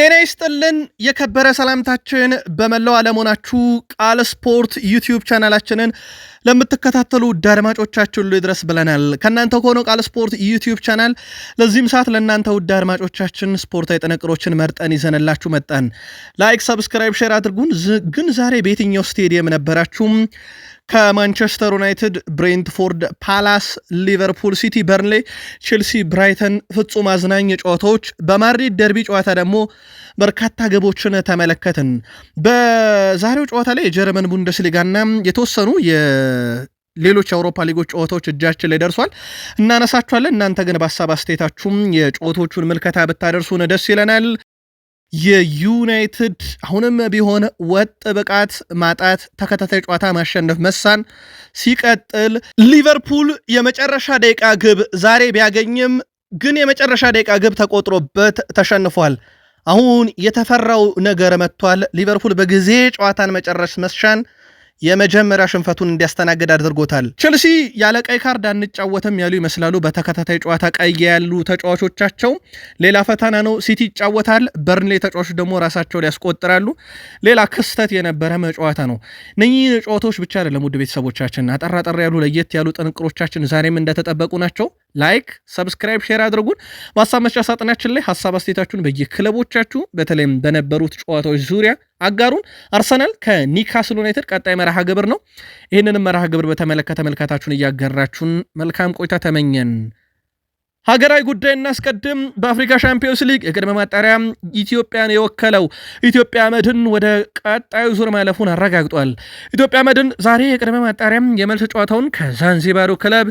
ጤና ይስጥልን የከበረ ሰላምታችን በመላው አለመሆናችሁ ቃል ስፖርት ዩቲዩብ ቻናላችንን ለምትከታተሉ ውድ አድማጮቻችን ሁሉ ይድረስ ብለናል። ከእናንተ ከሆነው ቃል ስፖርት ዩቲዩብ ቻናል ለዚህም ሰዓት ለእናንተ ውድ አድማጮቻችን ስፖርታዊ ጥንቅሮችን መርጠን ይዘንላችሁ መጣን። ላይክ፣ ሰብስክራይብ፣ ሼር አድርጉን። ግን ዛሬ በየትኛው ስቴዲየም ነበራችሁም? ከማንቸስተር ዩናይትድ፣ ብሬንትፎርድ፣ ፓላስ፣ ሊቨርፑል፣ ሲቲ፣ በርንሌ፣ ቼልሲ፣ ብራይተን ፍጹም አዝናኝ ጨዋታዎች፣ በማድሪድ ደርቢ ጨዋታ ደግሞ በርካታ ግቦችን ተመለከትን። በዛሬው ጨዋታ ላይ የጀርመን ቡንደስሊጋና የተወሰኑ ሌሎች የአውሮፓ ሊጎች ጨዋታዎች እጃችን ላይ ደርሷል፣ እናነሳችኋለን። እናንተ ግን በሀሳብ አስተያየታችሁም የጨዋታዎቹን ምልከታ ብታደርሱን ደስ ይለናል። የዩናይትድ አሁንም ቢሆን ወጥ ብቃት ማጣት፣ ተከታታይ ጨዋታ ማሸነፍ መሳን ሲቀጥል፣ ሊቨርፑል የመጨረሻ ደቂቃ ግብ ዛሬ ቢያገኝም ግን የመጨረሻ ደቂቃ ግብ ተቆጥሮበት ተሸንፏል። አሁን የተፈራው ነገር መጥቷል። ሊቨርፑል በጊዜ ጨዋታን መጨረስ መስሻን የመጀመሪያ ሽንፈቱን እንዲያስተናግድ አድርጎታል። ቼልሲ ያለ ቀይ ካርድ አንጫወተም ያሉ ይመስላሉ። በተከታታይ ጨዋታ ቀይ ያሉ ተጫዋቾቻቸው ሌላ ፈተና ነው። ሲቲ ይጫወታል፣ በርንሌ ተጫዋቾች ደግሞ ራሳቸውን ያስቆጥራሉ። ሌላ ክስተት የነበረ ጨዋታ ነው። እነኚህ ጨዋታዎች ብቻ አይደለም ውድ ቤተሰቦቻችን፣ አጠራጠር ያሉ ለየት ያሉ ጥንቅሮቻችን ዛሬም እንደተጠበቁ ናቸው። ላይክ፣ ሰብስክራይብ፣ ሼር አድርጉን። በሀሳብ መስጫ ሳጥናችን ላይ ሀሳብ አስተያየታችሁን በየክለቦቻችሁ በተለይም በነበሩት ጨዋታዎች ዙሪያ አጋሩን። አርሰናል ከኒካስል ዩናይትድ ቀጣይ መርሃ ግብር ነው። ይህንንም መርሃ ግብር በተመለከተ መልካታችሁን እያገራችሁን መልካም ቆይታ ተመኘን። ሀገራዊ ጉዳይ እናስቀድም። በአፍሪካ ሻምፒዮንስ ሊግ የቅድመ ማጣሪያ ኢትዮጵያን የወከለው ኢትዮጵያ መድን ወደ ቀጣዩ ዙር ማለፉን አረጋግጧል። ኢትዮጵያ መድን ዛሬ የቅድመ ማጣሪያ የመልስ ጨዋታውን ከዛንዚባሩ ክለብ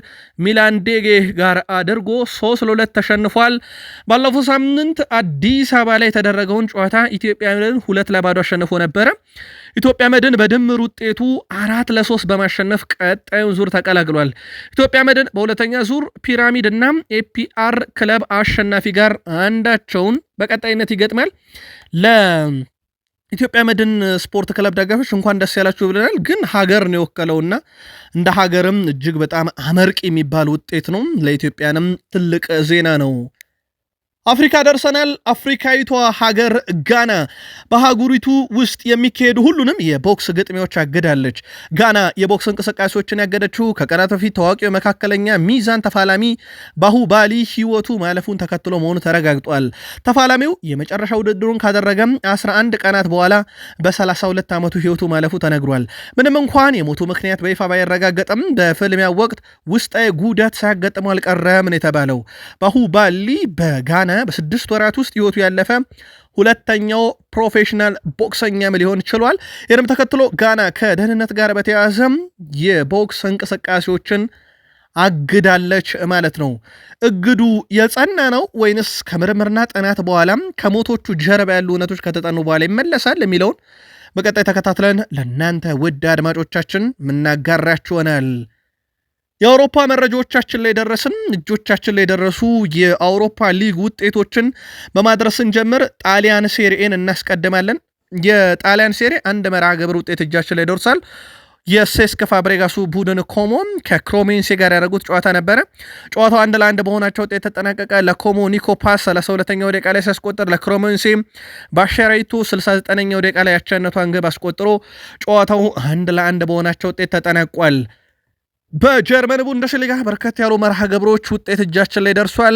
ሚላን ዴጌ ጋር አድርጎ ሶስት ለሁለት ተሸንፏል። ባለፈው ሳምንት አዲስ አበባ ላይ የተደረገውን ጨዋታ ኢትዮጵያ መድን ሁለት ለባዶ አሸንፎ ነበረ። ኢትዮጵያ መድን በድምር ውጤቱ አራት ለሶስት በማሸነፍ ቀጣዩን ዙር ተቀላቅሏል። ኢትዮጵያ መድን በሁለተኛ ዙር ፒራሚድ እና ኤፒአር ክለብ አሸናፊ ጋር አንዳቸውን በቀጣይነት ይገጥማል። ለኢትዮጵያ መድን ስፖርት ክለብ ደጋፊዎች እንኳን ደስ ያላችሁ ብለናል። ግን ሀገር ነው የወከለውና እንደ ሀገርም እጅግ በጣም አመርቂ የሚባል ውጤት ነው። ለኢትዮጵያንም ትልቅ ዜና ነው። አፍሪካ ደርሰናል። አፍሪካዊቷ ሀገር ጋና በአህጉሪቱ ውስጥ የሚካሄዱ ሁሉንም የቦክስ ግጥሚያዎች አግዳለች። ጋና የቦክስ እንቅስቃሴዎችን ያገደችው ከቀናት በፊት ታዋቂው መካከለኛ ሚዛን ተፋላሚ ባሁ ባሊ ሕይወቱ ማለፉን ተከትሎ መሆኑ ተረጋግጧል። ተፋላሚው የመጨረሻ ውድድሩን ካደረገም 11 ቀናት በኋላ በ32 ዓመቱ ሕይወቱ ማለፉ ተነግሯል። ምንም እንኳን የሞቱ ምክንያት በይፋ ባይረጋገጥም በፍልሚያ ወቅት ውስጣዊ ጉዳት ሳያጋጥመው አልቀረም ነው የተባለው። ባሁባሊ በጋና በስድስት ወራት ውስጥ ህይወቱ ያለፈ ሁለተኛው ፕሮፌሽናል ቦክሰኛም ሊሆን ችሏል። ይህንም ተከትሎ ጋና ከደህንነት ጋር በተያያዘም የቦክስ እንቅስቃሴዎችን አግዳለች ማለት ነው። እግዱ የጸና ነው ወይንስ ከምርምርና ጥናት በኋላም ከሞቶቹ ጀርባ ያሉ እውነቶች ከተጠኑ በኋላ ይመለሳል የሚለውን በቀጣይ ተከታትለን ለእናንተ ውድ አድማጮቻችን የምናጋራችሁ ይሆናል። የአውሮፓ መረጃዎቻችን ላይ ደረስን። እጆቻችን ላይ ደረሱ የአውሮፓ ሊግ ውጤቶችን በማድረስን ጀምር ጣሊያን ሴሪኤን እናስቀድማለን። የጣሊያን ሴሪ አንድ መርሃ ግብር ውጤት እጃችን ላይ ደርሷል። የሴስክ ፋብሬጋሱ ቡድን ኮሞን ከክሮሜንሴ ጋር ያደረጉት ጨዋታ ነበረ። ጨዋታው አንድ ለአንድ በሆናቸው ውጤት ተጠናቀቀ። ለኮሞ ኒኮ ፓስ 32ኛው ደቂቃ ላይ ሲያስቆጥር ለክሮሜንሴ ባሻራይቱ 69ኛው ደቂቃ ላይ ያቻነቷን ግብ አስቆጥሮ ጨዋታው አንድ ለአንድ በሆናቸው ውጤት ተጠናቋል። በጀርመን ቡንደስሊጋ በርከት ያሉ መርሃ ግብሮች ውጤት እጃችን ላይ ደርሷል።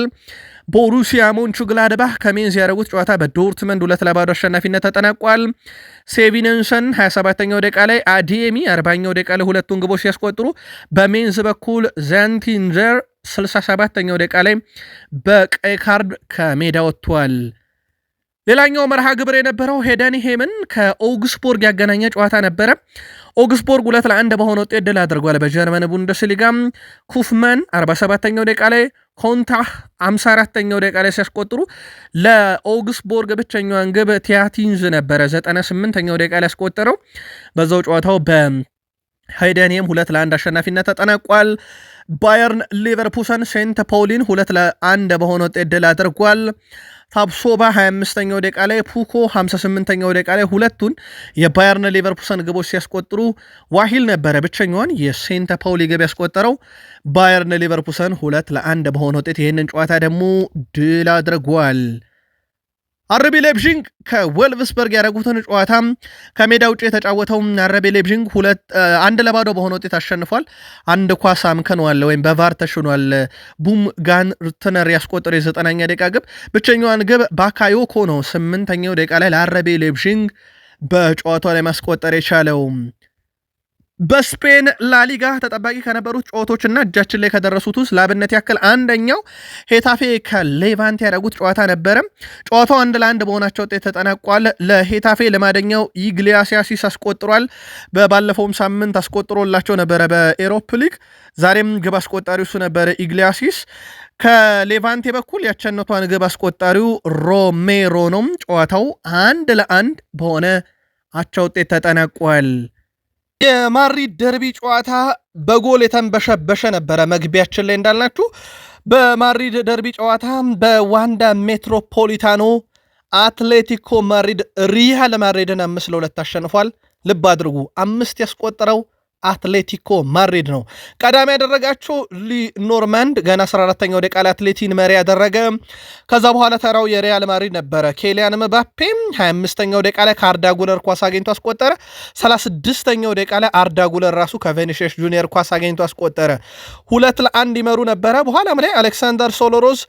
ቦሩሲያ ሞንቹግላድባህ ከሜንዝ ያደረጉት ጨዋታ በዶርትመንድ ሁለት ለባዶ አሸናፊነት ተጠናቋል። ሴቪነንሰን 27ኛው ደቂቃ ላይ አዲሚ 40ኛው ደቂቃ ላይ ሁለቱን ግቦች ሲያስቆጥሩ በሜንዝ በኩል ዘንቲንዘር 67ኛው ደቂቃ ላይ በቀይ ካርድ ከሜዳ ወጥቷል። ሌላኛው መርሃ ግብር የነበረው ሄደን ሄምን ከኦግስቦርግ ያገናኘ ጨዋታ ነበረ። ኦግስቦርግ ሁለት ለአንድ በሆነ ውጤት ድል አድርጓል። በጀርመን ቡንደስሊጋ ኩፍመን 47ኛው ደቂቃ ላይ ኮንታ 54ኛው ደቂቃ ላይ ሲያስቆጥሩ ለኦግስቦርግ ብቸኛዋን ግብ ቲያቲንዝ ነበረ 98ኛው ደቂቃ ላይ ያስቆጠረው። በዛው ጨዋታው በሃይደንም ሁለት ለአንድ አሸናፊነት ተጠናቋል። ባየርን ሊቨርፑሰን ሴንት ፖሊን ሁለት ለአንድ በሆነ ውጤት ድል አድርጓል። ታብሶባ 25ኛው ደቂቃ ላይ ፑኮ 58ኛው ደቂቃ ላይ ሁለቱን የባየርን ሌቨርኩሰን ግቦች ሲያስቆጥሩ ዋሂል ነበረ ብቸኛውን የሴንተ ፓውሊ ግብ ያስቆጠረው። ባየርን ሌቨርኩሰን ሁለት ለአንድ በሆነ ውጤት ይህንን ጨዋታ ደግሞ ድል አድርጓል። አረቢ ሌብዥንግ ከወልቭስበርግ ያደረጉትን ጨዋታ ከሜዳ ውጭ የተጫወተው አረቢ ሌብዥንግ አንድ ለባዶ በሆነ ውጤት አሸንፏል። አንድ ኳስ አምከነዋል ወይም በቫር ተሽኗል። ቡም ጋን ርትነር ያስቆጠረ የዘጠናኛ ደቂቃ ግብ ብቸኛዋን ግብ ባካዮኮ ነው ስምንተኛው ደቂቃ ላይ ለአረቢ ሌብዥንግ በጨዋታ ላይ ማስቆጠር የቻለው። በስፔን ላሊጋ ተጠባቂ ከነበሩት ጨዋታዎችና እጃችን ላይ ከደረሱት ውስጥ ለአብነት ያክል አንደኛው ሄታፌ ከሌቫንት ያደረጉት ጨዋታ ነበረ። ጨዋታው አንድ ለአንድ በሆናቸው ውጤት ተጠናቋል። ለሄታፌ ልማደኛው ኢግሊያሲያሲስ አስቆጥሯል። በባለፈውም ሳምንት አስቆጥሮላቸው ነበረ በኤሮፕ ሊግ። ዛሬም ግብ አስቆጣሪው እሱ ነበረ ኢግሊያሲስ። ከሌቫንቴ በኩል ያቸነቷን ግብ አስቆጣሪው ሮሜሮ ነው። ጨዋታው አንድ ለአንድ በሆነ አቻ ውጤት ተጠናቋል። የማድሪድ ደርቢ ጨዋታ በጎል የተንበሸበሸ ነበረ። መግቢያችን ላይ እንዳልናችሁ በማድሪድ ደርቢ ጨዋታ በዋንዳ ሜትሮፖሊታኖ አትሌቲኮ ማድሪድ ሪያል ማድሪድን አምስት ለሁለት አሸንፏል። ልብ አድርጉ፣ አምስት ያስቆጠረው አትሌቲኮ ማድሪድ ነው። ቀዳሚ ያደረጋቸው ሊኖርማንድ ገና 14ተኛው ደቂቃ ላይ አትሌቲን መሪ ያደረገ። ከዛ በኋላ ተራው የሪያል ማድሪድ ነበረ። ኬሊያን መባፔም 25ተኛው ደቂቃ ላይ ከአርዳ ጉለር ኳስ አግኝቶ አስቆጠረ። 36ተኛው ደቂቃ ላይ አርዳ ጉለር ራሱ ከቬኒሽስ ጁኒየር ኳስ አግኝቶ አስቆጠረ። ሁለት ለአንድ ይመሩ ነበረ። በኋላም ላይ አሌክሳንደር ሶሎሮዝ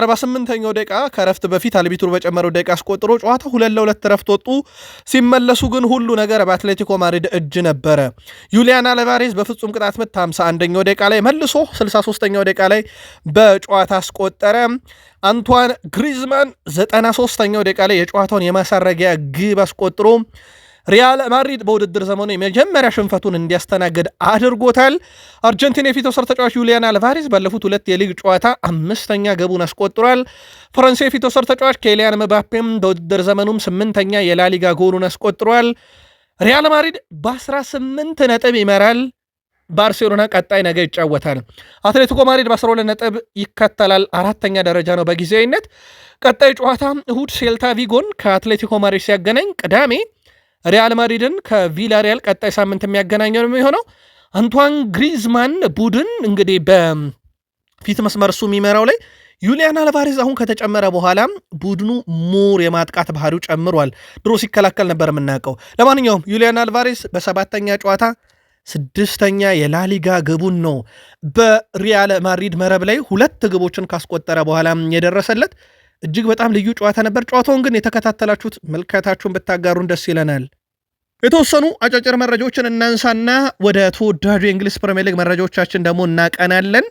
48ኛው ደቂቃ ከረፍት በፊት አልቢቱር በጨመረው ደቂቃ አስቆጥሮ ጨዋታ ሁለት ለሁለት ረፍት ወጡ። ሲመለሱ ግን ሁሉ ነገር በአትሌቲኮ ማድሪድ እጅ ነበረ። ዩሊያን ጋና አልቫሬዝ በፍጹም ቅጣት ምት 51ኛው ደቂቃ ላይ መልሶ 63ኛው ደቂቃ ላይ በጨዋታ አስቆጠረ። አንቷን ግሪዝማን 93ኛው ደቂቃ ላይ የጨዋታውን የማሳረጊያ ግብ አስቆጥሮ ሪያል ማድሪድ በውድድር ዘመኑ የመጀመሪያ ሽንፈቱን እንዲያስተናግድ አድርጎታል። አርጀንቲና የፊት ወሰር ተጫዋች ዩሊያን አልቫሬዝ ባለፉት ሁለት የሊግ ጨዋታ አምስተኛ ገቡን አስቆጥሯል። ፈረንሳይ የፊት ወሰር ተጫዋች ኬሊያን መባፔም በውድድር ዘመኑም ስምንተኛ የላሊጋ ጎሉን አስቆጥሯል። ሪያል ማድሪድ በ18 ነጥብ ይመራል። ባርሴሎና ቀጣይ ነገ ይጫወታል። አትሌቲኮ ማድሪድ በ12 ነጥብ ይከተላል። አራተኛ ደረጃ ነው በጊዜያዊነት። ቀጣይ ጨዋታ እሁድ ሴልታ ቪጎን ከአትሌቲኮ ማድሪድ ሲያገናኝ፣ ቅዳሜ ሪያል ማድሪድን ከቪላሪያል ቀጣይ ሳምንት የሚያገናኘው የሚሆነው አንቷን ግሪዝማን ቡድን እንግዲህ በፊት መስመር እሱ የሚመራው ላይ ዩሊያን አልቫሬዝ አሁን ከተጨመረ በኋላ ቡድኑ ሙር የማጥቃት ባህሪው ጨምሯል። ድሮ ሲከላከል ነበር የምናውቀው። ለማንኛውም ዩሊያን አልቫሬዝ በሰባተኛ ጨዋታ ስድስተኛ የላሊጋ ግቡን ነው በሪያል ማድሪድ መረብ ላይ ሁለት ግቦችን ካስቆጠረ በኋላ የደረሰለት። እጅግ በጣም ልዩ ጨዋታ ነበር። ጨዋታውን ግን የተከታተላችሁት ምልከታችሁን ብታጋሩን ደስ ይለናል። የተወሰኑ አጫጭር መረጃዎችን እናንሳና ወደ ተወዳጁ የእንግሊዝ ፕሪሚየር ሊግ መረጃዎቻችን ደግሞ እናቀናለን።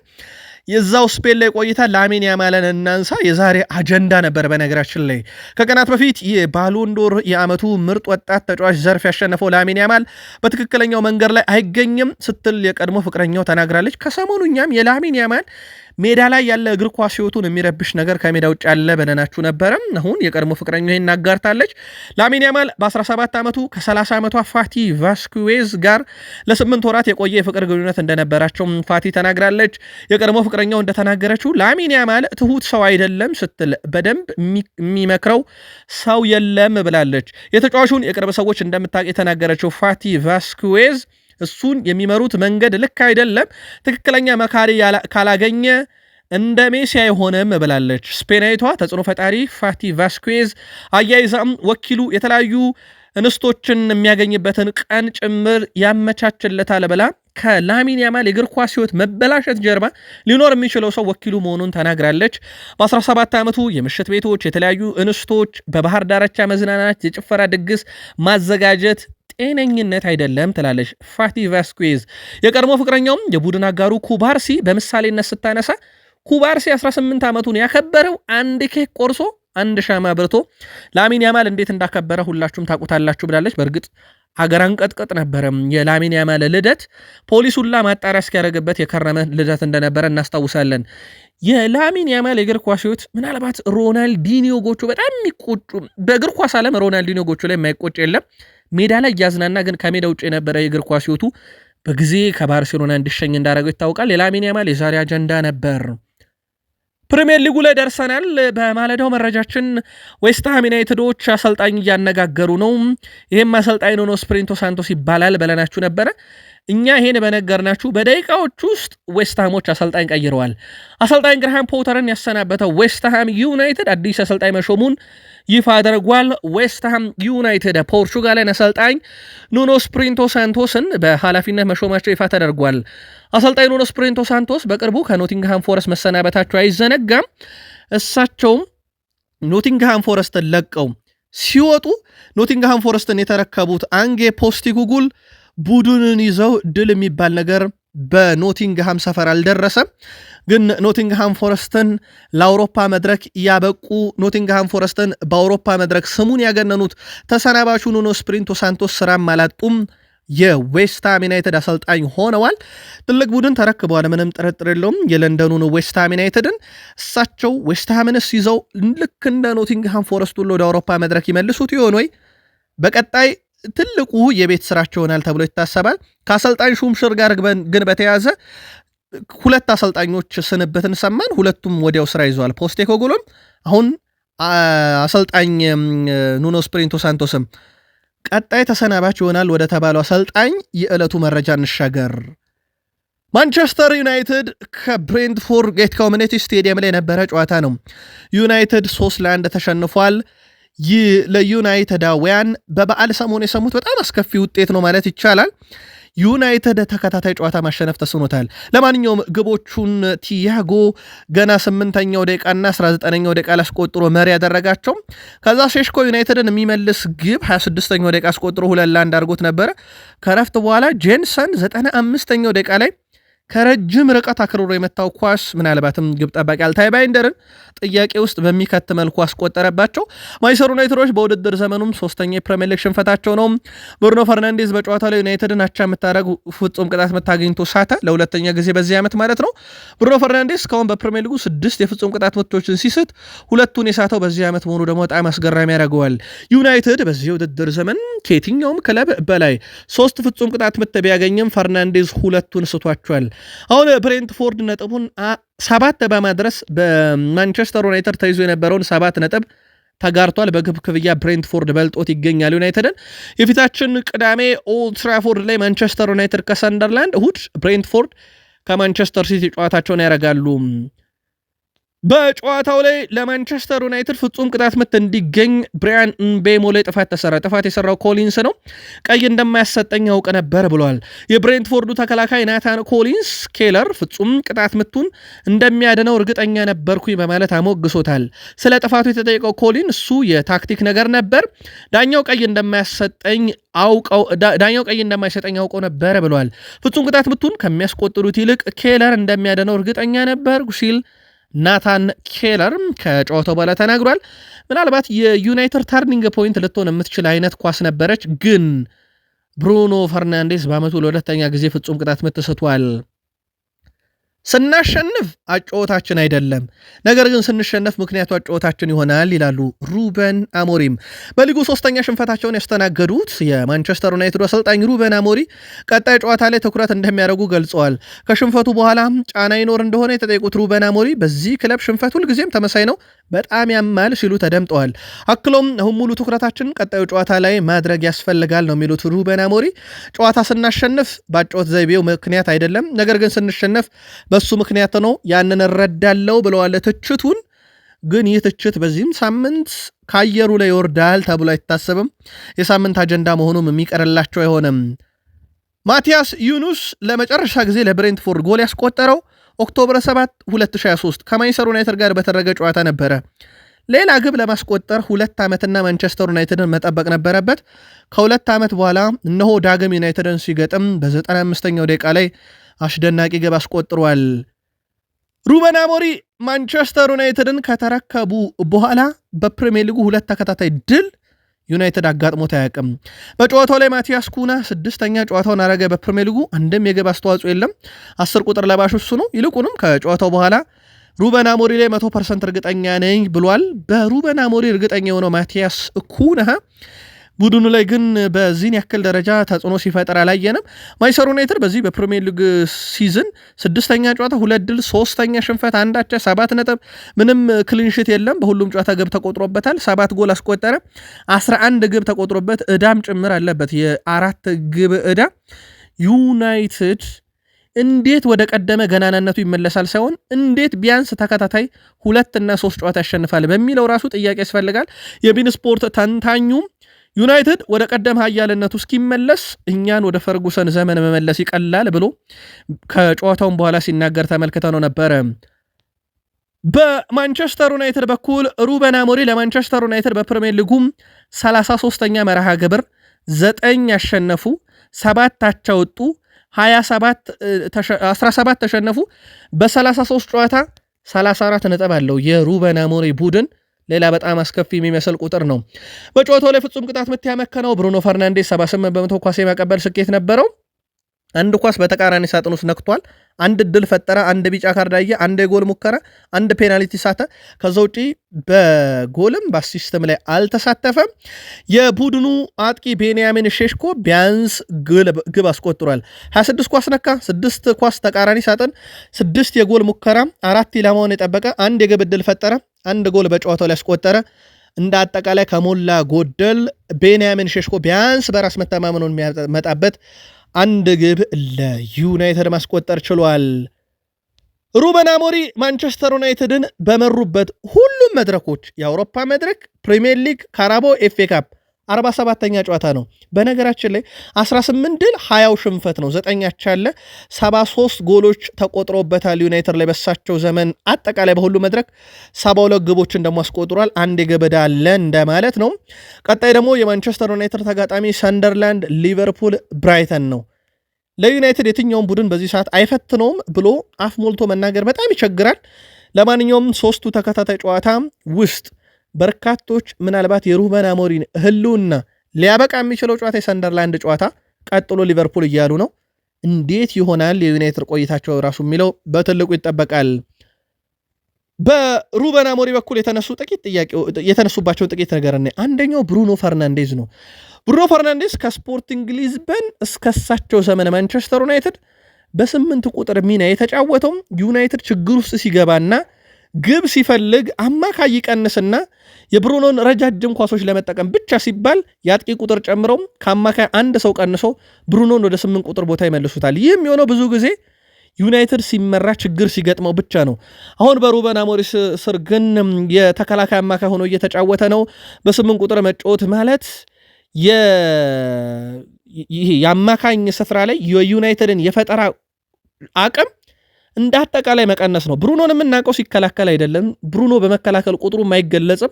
የዛው ስፔን ላይ ቆይታ ላሚን ያማልን እናንሳ። የዛሬ አጀንዳ ነበር። በነገራችን ላይ ከቀናት በፊት የባሎንዶር የዓመቱ ምርጥ ወጣት ተጫዋች ዘርፍ ያሸነፈው ላሚን ያማል በትክክለኛው መንገድ ላይ አይገኝም ስትል የቀድሞ ፍቅረኛው ተናግራለች። ከሰሞኑ እኛም የላሚን ያማል ሜዳ ላይ ያለ እግር ኳስ ህይወቱን የሚረብሽ ነገር ከሜዳ ውጭ ያለ በደናችሁ ነበረም። አሁን የቀድሞ ፍቅረኛ ይህን አጋርታለች። ላሚን ያማል በ17 ዓመቱ ከ30 ዓመቷ ፋቲ ቫስኩዌዝ ጋር ለስምንት ወራት የቆየ የፍቅር ግንኙነት እንደነበራቸው ፋቲ ተናግራለች። የቀድሞ ፍቅረኛው እንደተናገረችው ላሚን ያማል ትሁት ሰው አይደለም ስትል በደንብ የሚመክረው ሰው የለም ብላለች። የተጫዋቹን የቅርብ ሰዎች እንደምታውቅ የተናገረችው ፋቲ ቫስኩዌዝ እሱን የሚመሩት መንገድ ልክ አይደለም፣ ትክክለኛ መካሪ ካላገኘ እንደ ሜሲ አይሆንም ብላለች። ስፔናዊቷ ተጽዕኖ ፈጣሪ ፋቲ ቫስኩዝ አያይዛም ወኪሉ የተለያዩ እንስቶችን የሚያገኝበትን ቀን ጭምር ያመቻችለታል ብላ ከላሚን ያማል የእግር ኳስ ህይወት መበላሸት ጀርባ ሊኖር የሚችለው ሰው ወኪሉ መሆኑን ተናግራለች። በ17 ዓመቱ የምሽት ቤቶች፣ የተለያዩ እንስቶች በባህር ዳርቻ መዝናናት፣ የጭፈራ ድግስ ማዘጋጀት ጤነኝነት አይደለም ትላለች ፋቲ ቫስኩዝ። የቀድሞ ፍቅረኛውም የቡድን አጋሩ ኩባርሲ በምሳሌነት ስታነሳ ኩባርሲ 18 ዓመቱን ያከበረው አንድ ኬክ ቆርሶ አንድ ሻማ ብርቶ ላሚን ያማል እንዴት እንዳከበረ ሁላችሁም ታውቁታላችሁ ብላለች። በእርግጥ ሀገር አንቀጥቀጥ ነበረም የላሚን ያማል ልደት ፖሊስ ሁላ ማጣሪያ እስኪያደርግበት የከረመ ልደት እንደነበረ እናስታውሳለን። የላሚን ያማል የእግር ኳስ ህይወት ምናልባት ሮናልዲኒዮ ጎቹ በጣም የሚቆጩ በእግር ኳስ ዓለም ሮናልዲኒዮ ጎቹ ላይ የማይቆጭ የለም። ሜዳ ላይ እያዝናና ግን ከሜዳ ውጭ የነበረ የእግር ኳስ ህይወቱ በጊዜ ከባርሴሎና እንዲሸኝ እንዳደረገው ይታወቃል። የላሚን ያማል የዛሬ አጀንዳ ነበር። ፕሪምየር ሊጉ ላይ ደርሰናል። በማለዳው መረጃችን ዌስትሃም ዩናይትዶች አሰልጣኝ እያነጋገሩ ነው። ይህም አሰልጣኝ ሆኖ ስፕሪንቶ ሳንቶስ ይባላል ብለናችሁ ነበረ። እኛ ይሄን በነገርናችሁ በደቂቃዎች ውስጥ ዌስትሃሞች አሰልጣኝ ቀይረዋል። አሰልጣኝ ግርሃም ፖተርን ያሰናበተው ዌስትሃም ዩናይትድ አዲስ አሰልጣኝ መሾሙን ይፋ አድርጓል። ዌስትሃም ዩናይትድ ፖርቹጋላን አሰልጣኝ ኑኖ ስፕሪንቶ ሳንቶስን በኃላፊነት መሾማቸው ይፋ ተደርጓል። አሰልጣኝ ኑኖ ስፕሪንቶ ሳንቶስ በቅርቡ ከኖቲንግሃም ፎረስት መሰናበታቸው አይዘነጋም። እሳቸውም ኖቲንግሃም ፎረስትን ለቀው ሲወጡ ኖቲንግሃም ፎረስትን የተረከቡት አንጌ ፖስቲጉጉል ቡድንን ይዘው ድል የሚባል ነገር በኖቲንግሃም ሰፈር አልደረሰም። ግን ኖቲንግሃም ፎረስትን ለአውሮፓ መድረክ ያበቁ ኖቲንግሃም ፎረስትን በአውሮፓ መድረክ ስሙን ያገነኑት ተሰናባቹ ኑኖ ስፕሪንቶ ሳንቶስ ስራም አላጡም። የዌስትሃም ዩናይትድ አሰልጣኝ ሆነዋል። ትልቅ ቡድን ተረክበዋል፣ ምንም ጥርጥር የለውም። የለንደኑን ዌስትሃም ዩናይትድን እሳቸው ዌስትሃምንስ ይዘው ልክ እንደ ኖቲንግሃም ፎረስት ሁሉ ወደ አውሮፓ መድረክ ይመልሱት ይሆን ወይ? በቀጣይ ትልቁ የቤት ስራቸው ይሆናል ተብሎ ይታሰባል። ከአሰልጣኝ ሹምሽር ጋር ግን በተያዘ ሁለት አሰልጣኞች ስንብትን ሰማን። ሁለቱም ወዲያው ስራ ይዘዋል። ፖስቴኮግሎም አሁን አሰልጣኝ ኑኖ ስፕሪንቶ ሳንቶስም ቀጣይ ተሰናባች ይሆናል ወደ ተባለው አሰልጣኝ የዕለቱ መረጃ እንሻገር። ማንቸስተር ዩናይትድ ከብሬንትፎርድ ኤት ኮሚኒቲ ስቴዲየም ላይ የነበረ ጨዋታ ነው። ዩናይትድ ሶስት ለአንድ ተሸንፏል። ይህ ለዩናይትዳውያን በበዓል ሰሞን የሰሙት በጣም አስከፊ ውጤት ነው ማለት ይቻላል። ዩናይትድ ተከታታይ ጨዋታ ማሸነፍ ተስኖታል። ለማንኛውም ግቦቹን ቲያጎ ገና ስምንተኛው ደቂቃና 19ኛው ደቂቃ ላስቆጥሮ መሪ ያደረጋቸው። ከዛ ሼሽኮ ዩናይትድን የሚመልስ ግብ 26ኛው ደቂቃ አስቆጥሮ ሁለት ለአንድ አድርጎት ከረፍት በኋላ ጄንሰን 95ኛው ደቂቃ ላይ ከረጅም ርቀት አክርሮ የመታው ኳስ ምናልባትም ግብ ጠባቂ አልታይ ባይንደርን ጥያቄ ውስጥ በሚከት መልኩ አስቆጠረባቸው። ማንቸስተር ዩናይትዶች በውድድር ዘመኑም ሶስተኛ የፕሪሚየር ሊግ ሽንፈታቸው ነው። ብሩኖ ፈርናንዴዝ በጨዋታ ላይ ዩናይትድን አቻ የምታደረግ ፍጹም ቅጣት ምት ሳተ፣ ለሁለተኛ ጊዜ በዚህ ዓመት ማለት ነው። ብሩኖ ፈርናንዴዝ እስካሁን በፕሪሚየር ሊጉ ስድስት የፍጹም ቅጣት ምቶችን ሲስት ሁለቱን የሳተው በዚህ ዓመት መሆኑ ደግሞ በጣም አስገራሚ ያደርገዋል። ዩናይትድ በዚህ የውድድር ዘመን ከየትኛውም ክለብ በላይ ሶስት ፍጹም ቅጣት ምት ቢያገኝም ፈርናንዴዝ ሁለቱን ስቷቸዋል። አሁን ብሬንትፎርድ ነጥቡን ሰባት በማድረስ በማንቸስተር ዩናይትድ ተይዞ የነበረውን ሰባት ነጥብ ተጋርቷል። በግብ ክፍያ ብሬንትፎርድ በልጦት ይገኛል ዩናይትድን። የፊታችን ቅዳሜ ኦልድ ትራፎርድ ላይ ማንቸስተር ዩናይትድ ከሰንደርላንድ፣ እሁድ ብሬንትፎርድ ከማንቸስተር ሲቲ ጨዋታቸውን ያደርጋሉ። በጨዋታው ላይ ለማንቸስተር ዩናይትድ ፍጹም ቅጣት ምት እንዲገኝ ብሪያን ምቤሞ ላይ ጥፋት ተሰራ። ጥፋት የሰራው ኮሊንስ ነው። ቀይ እንደማያሰጠኝ ያውቅ ነበር ብሏል። የብሬንትፎርዱ ተከላካይ ናታን ኮሊንስ ኬለር ፍጹም ቅጣት ምቱን እንደሚያድነው እርግጠኛ ነበርኩኝ በማለት አሞግሶታል። ስለ ጥፋቱ የተጠየቀው ኮሊን እሱ የታክቲክ ነገር ነበር፣ ዳኛው ቀይ እንደማያሰጠኝ አውቀው ዳኛው ቀይ እንደማይሰጠኝ አውቀው ነበር ብሏል። ፍጹም ቅጣት ምቱን ከሚያስቆጥሩት ይልቅ ኬለር እንደሚያድነው እርግጠኛ ነበርኩ ሲል ናታን ኬለርም ከጨዋታው በኋላ ተናግሯል። ምናልባት የዩናይትድ ተርኒንግ ፖይንት ልትሆን የምትችል አይነት ኳስ ነበረች፣ ግን ብሩኖ ፈርናንዴስ በአመቱ ለሁለተኛ ጊዜ ፍጹም ቅጣት ምት ስቷል። ስናሸንፍ አጨዋወታችን አይደለም፣ ነገር ግን ስንሸነፍ ምክንያቱ አጨዋወታችን ይሆናል ይላሉ ሩበን አሞሪም። በሊጉ ሶስተኛ ሽንፈታቸውን ያስተናገዱት የማንቸስተር ዩናይትድ አሰልጣኝ ሩበን አሞሪ ቀጣይ ጨዋታ ላይ ትኩረት እንደሚያደርጉ ገልጸዋል። ከሽንፈቱ በኋላም ጫና ይኖር እንደሆነ የተጠየቁት ሩበን አሞሪ በዚህ ክለብ ሽንፈት ሁልጊዜም ተመሳይ ነው፣ በጣም ያማል ሲሉ ተደምጠዋል። አክሎም አሁን ሙሉ ትኩረታችን ቀጣዩ ጨዋታ ላይ ማድረግ ያስፈልጋል ነው የሚሉት ሩበን አሞሪ። ጨዋታ ስናሸንፍ በአጨዋወት ዘይቤው ምክንያት አይደለም፣ ነገር ግን ስንሸነፍ በሱ ምክንያት ነው ያንን እረዳለው ብለዋል ትችቱን። ግን ይህ ትችት በዚህም ሳምንት ከአየሩ ላይ ይወርዳል ተብሎ አይታሰብም። የሳምንት አጀንዳ መሆኑም የሚቀርላቸው አይሆንም። ማቲያስ ዩኑስ ለመጨረሻ ጊዜ ለብሬንትፎርድ ጎል ያስቆጠረው ኦክቶበር 7 2023 ከማንቸስተር ዩናይትድ ጋር በተደረገ ጨዋታ ነበረ። ሌላ ግብ ለማስቆጠር ሁለት ዓመትና ማንቸስተር ዩናይትድን መጠበቅ ነበረበት። ከሁለት ዓመት በኋላ እነሆ ዳግም ዩናይትድን ሲገጥም በ95ኛው ደቂቃ ላይ አስደናቂ ግብ አስቆጥሯል። ሩበን አሞሪ ማንቸስተር ዩናይትድን ከተረከቡ በኋላ በፕሪሚየር ሊጉ ሁለት ተከታታይ ድል ዩናይትድ አጋጥሞት አያውቅም። በጨዋታው ላይ ማቲያስ ኩና ስድስተኛ ጨዋታውን አረገ። በፕሪሚየር ሊጉ አንድም የግብ አስተዋጽኦ የለም። አስር ቁጥር ለባሽ እሱ ነው። ይልቁንም ከጨዋታው በኋላ ሩበን አሞሪ ላይ መቶ ፐርሰንት እርግጠኛ ነኝ ብሏል። በሩበን አሞሪ እርግጠኛ የሆነው ማቲያስ ኩና ቡድኑ ላይ ግን በዚህን ያክል ደረጃ ተጽዕኖ ሲፈጠር አላየንም። ማንቸስተር ዩናይትድ በዚህ በፕሪሚየር ሊግ ሲዝን ስድስተኛ ጨዋታ ሁለት ድል፣ ሶስተኛ ሽንፈት፣ አንድ ሰባት ነጥብ፣ ምንም ክሊንሽት የለም። በሁሉም ጨዋታ ግብ ተቆጥሮበታል። ሰባት ጎል አስቆጠረ። አስራ አንድ ግብ ተቆጥሮበት እዳም ጭምር አለበት። የአራት ግብ እዳ ዩናይትድ እንዴት ወደ ቀደመ ገናናነቱ ይመለሳል ሳይሆን እንዴት ቢያንስ ተከታታይ ሁለትና ሶስት ጨዋታ ያሸንፋል በሚለው ራሱ ጥያቄ ያስፈልጋል። የቢን ስፖርት ተንታኙም ዩናይትድ ወደ ቀደም ኃያልነቱ እስኪመለስ እኛን ወደ ፈርጉሰን ዘመን መመለስ ይቀላል ብሎ ከጨዋታውን በኋላ ሲናገር ነው ነበረ። በማንቸስተር ዩናይትድ በኩል ሩበን አሞሪ ለማንቸስተር ዩናይትድ በፕሪሚየር ሊጉም 33ኛ መርሃ ግብር ዘጠኝ ያሸነፉ ሰባት አቻ ወጡ 17 ተሸነፉ በ33 ጨዋታ 34 ነጥብ አለው የሩበን አሞሪ ቡድን ሌላ በጣም አስከፊ የሚመስል ቁጥር ነው። በጨዋታው ላይ ፍጹም ቅጣት ምት ያመከነው ብሩኖ ፈርናንዴስ 78 በመቶ ኳስ የማቀበል ስኬት ነበረው። አንድ ኳስ በተቃራኒ ሳጥን ውስጥ ነክቷል። አንድ እድል ፈጠረ፣ አንድ ቢጫ ካርድ አየ፣ አንድ የጎል ሙከራ፣ አንድ ፔናልቲ ሳተ። ከዛ ውጪ በጎልም በአሲስትም ላይ አልተሳተፈም። የቡድኑ አጥቂ ቤንያሚን ሼሽኮ ቢያንስ ግብ አስቆጥሯል። 26 ኳስ ነካ፣ ስድስት ኳስ ተቃራኒ ሳጥን፣ ስድስት የጎል ሙከራ፣ አራት ኢላማውን የጠበቀ፣ አንድ የግብ እድል ፈጠረ፣ አንድ ጎል በጨዋታው ላይ አስቆጠረ። እንደ አጠቃላይ ከሞላ ጎደል ቤንያሚን ሼሽኮ ቢያንስ በራስ መተማመኑን የሚያመጣበት አንድ ግብ ለዩናይትድ ማስቆጠር ችሏል። ሩበን አሞሪ ማንቸስተር ዩናይትድን በመሩበት ሁሉም መድረኮች የአውሮፓ መድረክ፣ ፕሪምየር ሊግ፣ ካራቦ፣ ኤፌ ካፕ 47ኛ ጨዋታ ነው። በነገራችን ላይ 18 ድል 20 ሽንፈት ነው። ዘጠኝ አለ። 73 ጎሎች ተቆጥሮበታል ዩናይትድ ላይ በሳቸው ዘመን አጠቃላይ በሁሉ መድረክ 72 ግቦችን ደግሞ አስቆጥሯል። አንድ የገበዳ አለ እንደማለት ነው። ቀጣይ ደግሞ የማንቸስተር ዩናይትድ ተጋጣሚ ሰንደርላንድ፣ ሊቨርፑል፣ ብራይተን ነው። ለዩናይትድ የትኛውም ቡድን በዚህ ሰዓት አይፈትነውም ብሎ አፍ ሞልቶ መናገር በጣም ይቸግራል። ለማንኛውም ሶስቱ ተከታታይ ጨዋታ ውስጥ በርካቶች ምናልባት የሩበን አሞሪን ህልውና ሊያበቃ የሚችለው ጨዋታ የሰንደርላንድ ጨዋታ ቀጥሎ ሊቨርፑል እያሉ ነው። እንዴት ይሆናል የዩናይትድ ቆይታቸው ራሱ የሚለው በትልቁ ይጠበቃል። በሩበን አሞሪ በኩል የተነሱ ጥቂት ጥያቄ የተነሱባቸውን ጥቂት ነገር ና አንደኛው ብሩኖ ፈርናንዴዝ ነው። ብሩኖ ፈርናንዴዝ ከስፖርቲንግ ሊዝበን እስከሳቸው ዘመን ማንቸስተር ዩናይትድ በስምንት ቁጥር ሚና የተጫወተውም ዩናይትድ ችግር ውስጥ ሲገባና ግብ ሲፈልግ አማካይ ይቀንስና የብሩኖን ረጃጅም ኳሶች ለመጠቀም ብቻ ሲባል የአጥቂ ቁጥር ጨምረው ከአማካይ አንድ ሰው ቀንሶ ብሩኖን ወደ ስምንት ቁጥር ቦታ ይመልሱታል። ይህ የሚሆነው ብዙ ጊዜ ዩናይትድ ሲመራ ችግር ሲገጥመው ብቻ ነው። አሁን በሩበን አሞሪስ ስር ግን የተከላካይ አማካይ ሆኖ እየተጫወተ ነው። በስምንት ቁጥር መጫወት ማለት ይሄ የአማካኝ ስፍራ ላይ የዩናይትድን የፈጠራ አቅም እንደ አጠቃላይ መቀነስ ነው። ብሩኖን የምናውቀው ሲከላከል አይደለም። ብሩኖ በመከላከል ቁጥሩ አይገለጽም።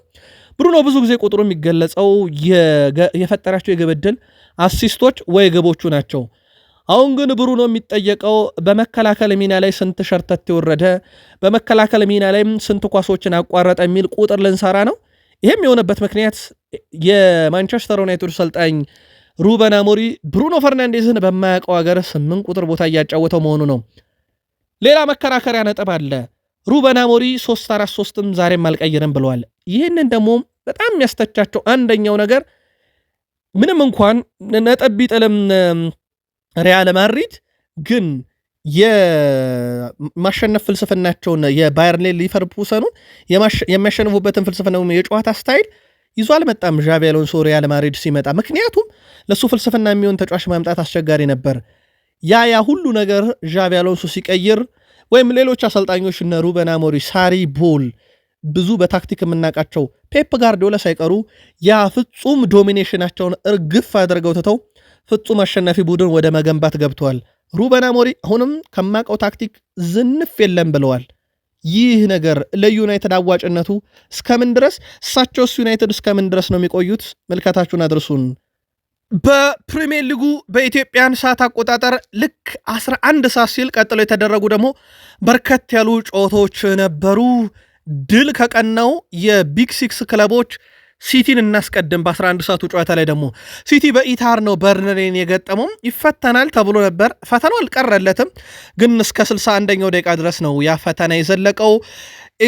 ብሩኖ ብዙ ጊዜ ቁጥሩ የሚገለጸው የፈጠራቸው የገበደል አሲስቶች ወይ ግቦቹ ናቸው። አሁን ግን ብሩኖ የሚጠየቀው በመከላከል ሚና ላይ ስንት ሸርተት የወረደ በመከላከል ሚና ላይም ስንት ኳሶችን አቋረጠ የሚል ቁጥር ልንሰራ ነው። ይህም የሆነበት ምክንያት የማንቸስተር ዩናይትድ ሰልጣኝ ሩበን አሞሪ ብሩኖ ፈርናንዴዝን በማያውቀው ሀገር ስምንት ቁጥር ቦታ እያጫወተው መሆኑ ነው። ሌላ መከራከሪያ ነጥብ አለ። ሩበን አሞሪ 343ም ዛሬም አልቀይርም ብለዋል። ይህንን ደግሞ በጣም የሚያስተቻቸው አንደኛው ነገር ምንም እንኳን ነጥብ ቢጥልም ሪያል ማድሪድ ግን የማሸነፍ ፍልስፍናቸውን የባየርን ሊቨርፑሰኑን የሚያሸንፉበትን ፍልስፍና የጨዋታ ስታይል ይዞ አልመጣም ዣቢ አሎንሶ ሪያል ማድሪድ ሲመጣ። ምክንያቱም ለእሱ ፍልስፍና የሚሆን ተጫዋች ማምጣት አስቸጋሪ ነበር። ያ ያ ሁሉ ነገር ዣቪ አሎንሶ ሲቀይር ወይም ሌሎች አሰልጣኞች እነ ሩበን አሞሪ፣ ሳሪ ቦል ብዙ በታክቲክ የምናውቃቸው ፔፕ ጋርዲዮላ ሳይቀሩ ያ ፍጹም ዶሚኔሽናቸውን እርግፍ አድርገው ትተው ፍጹም አሸናፊ ቡድን ወደ መገንባት ገብተዋል። ሩበን አሞሪ አሁንም ከማውቀው ታክቲክ ዝንፍ የለም ብለዋል። ይህ ነገር ለዩናይትድ አዋጭነቱ እስከምን ድረስ እሳቸውስ ዩናይትድ እስከምን ድረስ ነው የሚቆዩት? ምልከታችሁን አድርሱን። በፕሪሚየር ሊጉ በኢትዮጵያን ሰዓት አቆጣጠር ልክ 11 ሰዓት ሲል ቀጥሎ የተደረጉ ደግሞ በርከት ያሉ ጨዋታዎች ነበሩ። ድል ከቀናው የቢግ ሲክስ ክለቦች ሲቲን እናስቀድም። በ11 ሰዓቱ ጨዋታ ላይ ደግሞ ሲቲ በኢታር ነው በርንሌን የገጠመው። ይፈተናል ተብሎ ነበር፣ ፈተናው አልቀረለትም። ግን እስከ 61ኛው ደቂቃ ድረስ ነው ያ ፈተና የዘለቀው።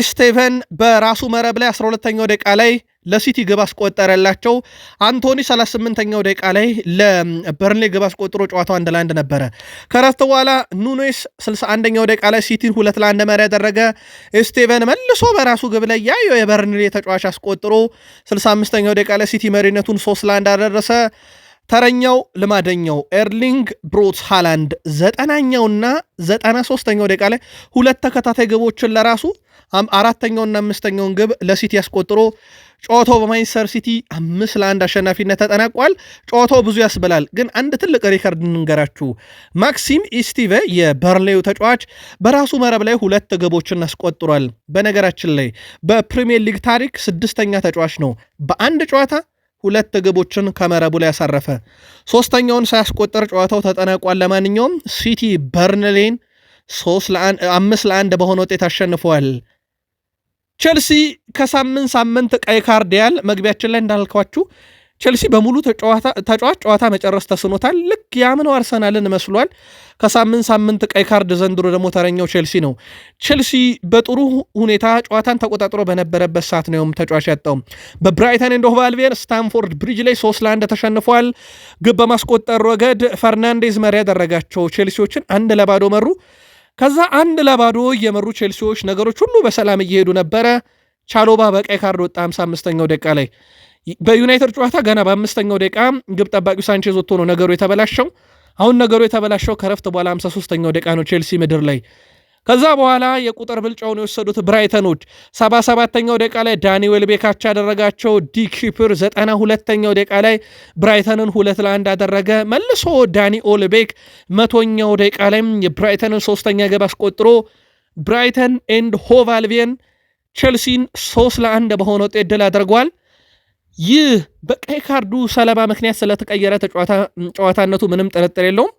ኢስቴቨን በራሱ መረብ ላይ 12ኛው ደቂቃ ላይ ለሲቲ ግብ አስቆጠረላቸው። አንቶኒ 38ኛው ደቂቃ ላይ ለበርንሌ ግብ አስቆጥሮ ጨዋታው አንድ ለአንድ ነበረ። ከረፍት በኋላ ኑኔስ 61ኛው ደቂቃ ላይ ሲቲን ሁለት ለአንድ መሪ ያደረገ። ስቴቨን መልሶ በራሱ ግብ ላይ ያየው የበርንሌ ተጫዋች አስቆጥሮ 65ኛው ደቂቃ ላይ ሲቲ መሪነቱን ሶስት ለአንድ አደረሰ። ተረኛው ልማደኛው ኤርሊንግ ብሮት ሃላንድ ዘጠናኛውና ዘጠና ሶስተኛው ደቂቃ ላይ ሁለት ተከታታይ ግቦችን ለራሱ አራተኛውና አምስተኛውን ግብ ለሲቲ አስቆጥሮ ጨዋታው በማንቸስተር ሲቲ አምስት ለአንድ አሸናፊነት ተጠናቋል። ጨዋታው ብዙ ያስበላል፣ ግን አንድ ትልቅ ሪከርድ እንንገራችሁ። ማክሲም ኢስቲቨ የበርሌው ተጫዋች በራሱ መረብ ላይ ሁለት ግቦችን አስቆጥሯል። በነገራችን ላይ በፕሪሚየር ሊግ ታሪክ ስድስተኛ ተጫዋች ነው በአንድ ጨዋታ ሁለት ግቦችን ከመረቡ ላይ ያሳረፈ። ሶስተኛውን ሳያስቆጠር ጨዋታው ተጠናቋል። ለማንኛውም ሲቲ በርንሌን አምስት ለአንድ በሆነ ውጤት አሸንፈዋል። ቸልሲ ከሳምንት ሳምንት ቀይ ካርድ ያል መግቢያችን ላይ እንዳልከዋችሁ ቸልሲ በሙሉ ተጫዋች ጨዋታ መጨረስ ተስኖታል። ልክ ያምነው አርሰናልን መስሏል። ከሳምንት ሳምንት ቀይ ካርድ ዘንድሮ ደግሞ ተረኛው ቸልሲ ነው። ቸልሲ በጥሩ ሁኔታ ጨዋታን ተቆጣጥሮ በነበረበት ሰዓት ነውም ተጫዋች ያጣው። በብራይተን ኤንድ ሆቭ አልቢዮን ስታንፎርድ ብሪጅ ላይ ሶስት ለአንድ ተሸንፏል። ግብ በማስቆጠር ረገድ ፈርናንዴዝ መሪ ያደረጋቸው ቸልሲዎችን አንድ ለባዶ መሩ። ከዛ አንድ ለባዶ የመሩ ቼልሲዎች ነገሮች ሁሉ በሰላም እየሄዱ ነበረ። ቻሎባ በቀይ ካርድ ወጣ 55ኛው ደቂቃ ላይ። በዩናይትድ ጨዋታ ገና በአምስተኛው ደቂቃ ግብ ጠባቂው ሳንቼዝ ወጥቶ ነው ነገሩ የተበላሸው። አሁን ነገሩ የተበላሸው ከረፍት በኋላ 53ኛው ደቂቃ ነው ቼልሲ ምድር ላይ ከዛ በኋላ የቁጥር ብልጫውን የወሰዱት ብራይተኖች 77 ተኛው ደቂቃ ላይ ዳኒ ቤካች ያደረጋቸው ዲኪፕር 92ኛው ደቂቃ ላይ ብራይተንን ሁለት ለአንድ አደረገ። መልሶ ዳኒ ኦልቤክ መቶኛው ደቂቃ ላይም የብራይተንን ሶስተኛ ገብ አስቆጥሮ ብራይተን ኤንድ ሆቭ አልቢዮን ቼልሲን ሶስት ለአንድ በሆነ ውጤት ድል አድርጓል። ይህ በቀይ ካርዱ ሰለባ ምክንያት ስለተቀየረ ጨዋታነቱ ምንም ጥርጥር የለውም።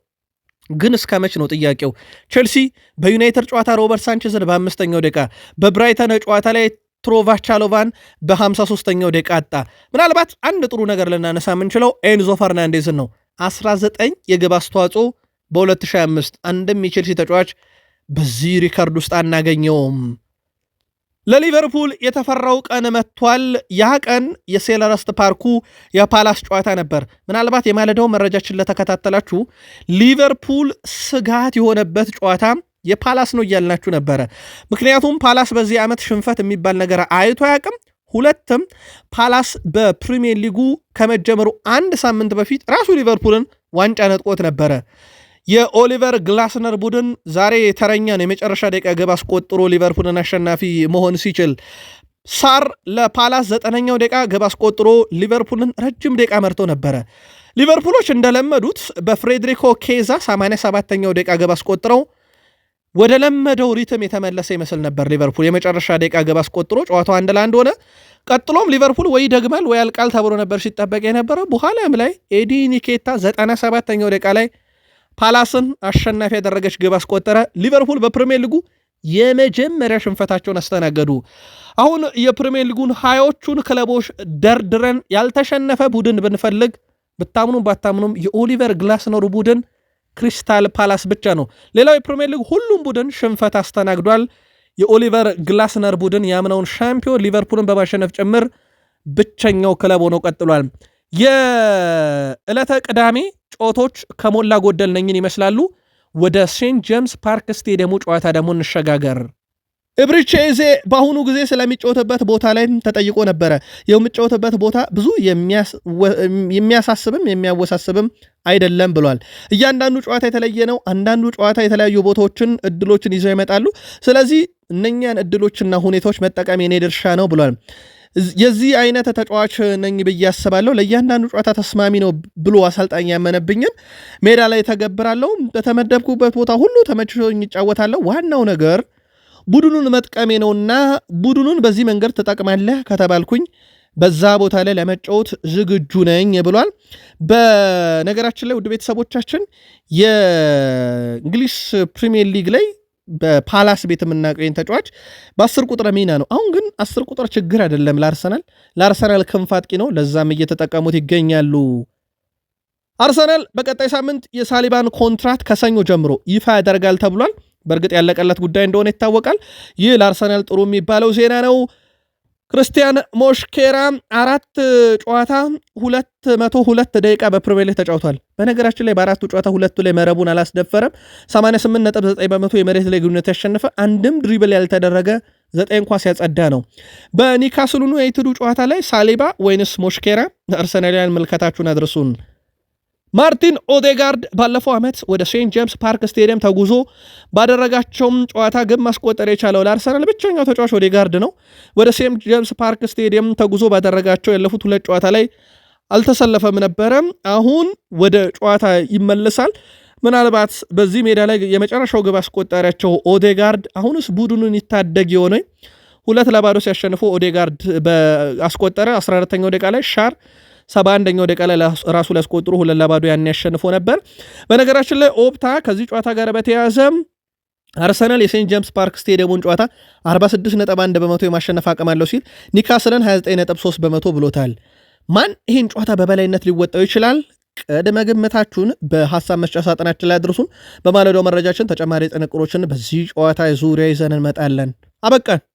ግን እስከ መች ነው ጥያቄው? ቼልሲ በዩናይትድ ጨዋታ ሮበርት ሳንቼዝን በአምስተኛው ደቃ በብራይተን ጨዋታ ላይ ትሮቫቻሎቫን በ53ኛው ደቃ አጣ። ምናልባት አንድ ጥሩ ነገር ልናነሳ የምንችለው ኤንዞ ፈርናንዴዝን ነው። 19 የግብ አስተዋጽኦ በ2025 አንድም የቼልሲ ተጫዋች በዚህ ሪከርድ ውስጥ አናገኘውም። ለሊቨርፑል የተፈራው ቀን መጥቷል። ያ ቀን የሴለረስት ፓርኩ የፓላስ ጨዋታ ነበር። ምናልባት የማለዳው መረጃችን ለተከታተላችሁ ሊቨርፑል ስጋት የሆነበት ጨዋታ የፓላስ ነው እያልናችሁ ነበረ። ምክንያቱም ፓላስ በዚህ ዓመት ሽንፈት የሚባል ነገር አይቶ አያውቅም። ሁለትም ፓላስ በፕሪሚየር ሊጉ ከመጀመሩ አንድ ሳምንት በፊት ራሱ ሊቨርፑልን ዋንጫ ነጥቆት ነበረ። የኦሊቨር ግላስነር ቡድን ዛሬ ተረኛን የመጨረሻ ደቂቃ ግብ አስቆጥሮ ሊቨርፑልን አሸናፊ መሆን ሲችል ሳር ለፓላስ ዘጠነኛው ደቂቃ ግብ አስቆጥሮ ሊቨርፑልን ረጅም ደቂቃ መርቶ ነበረ። ሊቨርፑሎች እንደለመዱት በፍሬድሪኮ ኬዛ 87ኛው ደቂቃ ግብ አስቆጥረው ወደ ለመደው ሪትም የተመለሰ ይመስል ነበር። ሊቨርፑል የመጨረሻ ደቂቃ ግብ አስቆጥሮ ጨዋታው አንድ ለአንድ ሆነ። ቀጥሎም ሊቨርፑል ወይ ደግማል ወይ አልቃል ተብሎ ነበር ሲጠበቅ የነበረ። በኋላም ላይ ኤዲ ኒኬታ 97ኛው ደቂቃ ላይ ፓላስን አሸናፊ ያደረገች ግብ አስቆጠረ። ሊቨርፑል በፕሪሚየር ሊጉ የመጀመሪያ ሽንፈታቸውን አስተናገዱ። አሁን የፕሪሚየር ሊጉን ሀያዎቹን ክለቦች ደርድረን ያልተሸነፈ ቡድን ብንፈልግ ብታምኑም ባታምኑም የኦሊቨር ግላስነሩ ቡድን ክሪስታል ፓላስ ብቻ ነው። ሌላው የፕሪሚየር ሊግ ሁሉም ቡድን ሽንፈት አስተናግዷል። የኦሊቨር ግላስነር ቡድን ያምነውን ሻምፒዮን ሊቨርፑልን በማሸነፍ ጭምር ብቸኛው ክለብ ሆኖ ቀጥሏል። የዕለተ ቅዳሜ ጨዋታዎች ከሞላ ጎደል ነኝን ይመስላሉ። ወደ ሴንት ጄምስ ፓርክ ስቴዲየሙ ጨዋታ ደግሞ እንሸጋገር። እብሪቼዜ በአሁኑ ጊዜ ስለሚጫወትበት ቦታ ላይም ተጠይቆ ነበረ። የሚጫወትበት ቦታ ብዙ የሚያሳስብም የሚያወሳስብም አይደለም ብሏል። እያንዳንዱ ጨዋታ የተለየ ነው። አንዳንዱ ጨዋታ የተለያዩ ቦታዎችን እድሎችን ይዘው ይመጣሉ። ስለዚህ እነኛን እድሎችና ሁኔታዎች መጠቀም የኔ ድርሻ ነው ብሏል። የዚህ አይነት ተጫዋች ነኝ ብዬ አስባለሁ። ለእያንዳንዱ ጨዋታ ተስማሚ ነው ብሎ አሰልጣኝ ያመነብኝን ሜዳ ላይ ተገብራለሁ። በተመደብኩበት ቦታ ሁሉ ተመችቶኝ ይጫወታለሁ። ዋናው ነገር ቡድኑን መጥቀሜ ነውና ቡድኑን በዚህ መንገድ ትጠቅማለህ ከተባልኩኝ በዛ ቦታ ላይ ለመጫወት ዝግጁ ነኝ ብሏል። በነገራችን ላይ ውድ ቤተሰቦቻችን የእንግሊዝ ፕሪሚየር ሊግ ላይ በፓላስ ቤት የምናውቀው ይህን ተጫዋች በአስር ቁጥር ሚና ነው። አሁን ግን አስር ቁጥር ችግር አይደለም ለአርሰናል ለአርሰናል ክንፍ አጥቂ ነው። ለዛም እየተጠቀሙት ይገኛሉ። አርሰናል በቀጣይ ሳምንት የሳሊባን ኮንትራት ከሰኞ ጀምሮ ይፋ ያደርጋል ተብሏል። በእርግጥ ያለቀለት ጉዳይ እንደሆነ ይታወቃል። ይህ ለአርሰናል ጥሩ የሚባለው ዜና ነው። ክርስቲያን ሞሽኬራ አራት ጨዋታ ሁለት መቶ ሁለት ደቂቃ በፕሪሚየር ሊግ ተጫውቷል። በነገራችን ላይ በአራቱ ጨዋታ ሁለቱ ላይ መረቡን አላስደፈረም። 88.9 በመቶ የመሬት ላይ ግንኙነት ያሸነፈ አንድም ድሪብል ያልተደረገ ዘጠኝ ኳስ ያጸዳ ነው። በኒካስሉኑ የትዱ ጨዋታ ላይ ሳሌባ ወይንስ ሞሽኬራ አርሰናሊያን መልከታችሁን አድርሱን። ማርቲን ኦዴጋርድ ባለፈው ዓመት ወደ ሴንት ጄምስ ፓርክ ስቴዲየም ተጉዞ ባደረጋቸውም ጨዋታ ግብ ማስቆጠር የቻለው ለአርሰናል ብቸኛው ተጫዋች ኦዴጋርድ ነው። ወደ ሴንት ጄምስ ፓርክ ስቴዲየም ተጉዞ ባደረጋቸው ያለፉት ሁለት ጨዋታ ላይ አልተሰለፈም ነበረ። አሁን ወደ ጨዋታ ይመልሳል። ምናልባት በዚህ ሜዳ ላይ የመጨረሻው ግብ አስቆጠሪያቸው ኦዴጋርድ አሁንስ ቡድኑን ይታደግ የሆነ ሁለት ለባዶ ሲያሸንፉ ኦዴጋርድ አስቆጠረ። ተኛው ደቂቃ ላይ ሻር ሰባ አንደኛው ደቂቃ ላይ ራሱ ሊያስቆጥሩ ሁለት ለባዶ ያን ያሸንፎ ነበር። በነገራችን ላይ ኦፕታ ከዚህ ጨዋታ ጋር በተያያዘ አርሰናል የሴንት ጄምስ ፓርክ ስቴዲየሙን ጨዋታ 46.1 በመቶ የማሸነፍ አቅም አለው ሲል ኒካስልን 29.3 በመቶ ብሎታል። ማን ይህን ጨዋታ በበላይነት ሊወጣው ይችላል? ቅድመ ግምታችሁን በሀሳብ መስጫ ሳጥናችን ላይ አድርሱን። በማለዳው መረጃችን ተጨማሪ ጥንቅሮችን በዚህ ጨዋታ ዙሪያ ይዘን እንመጣለን። አበቃን።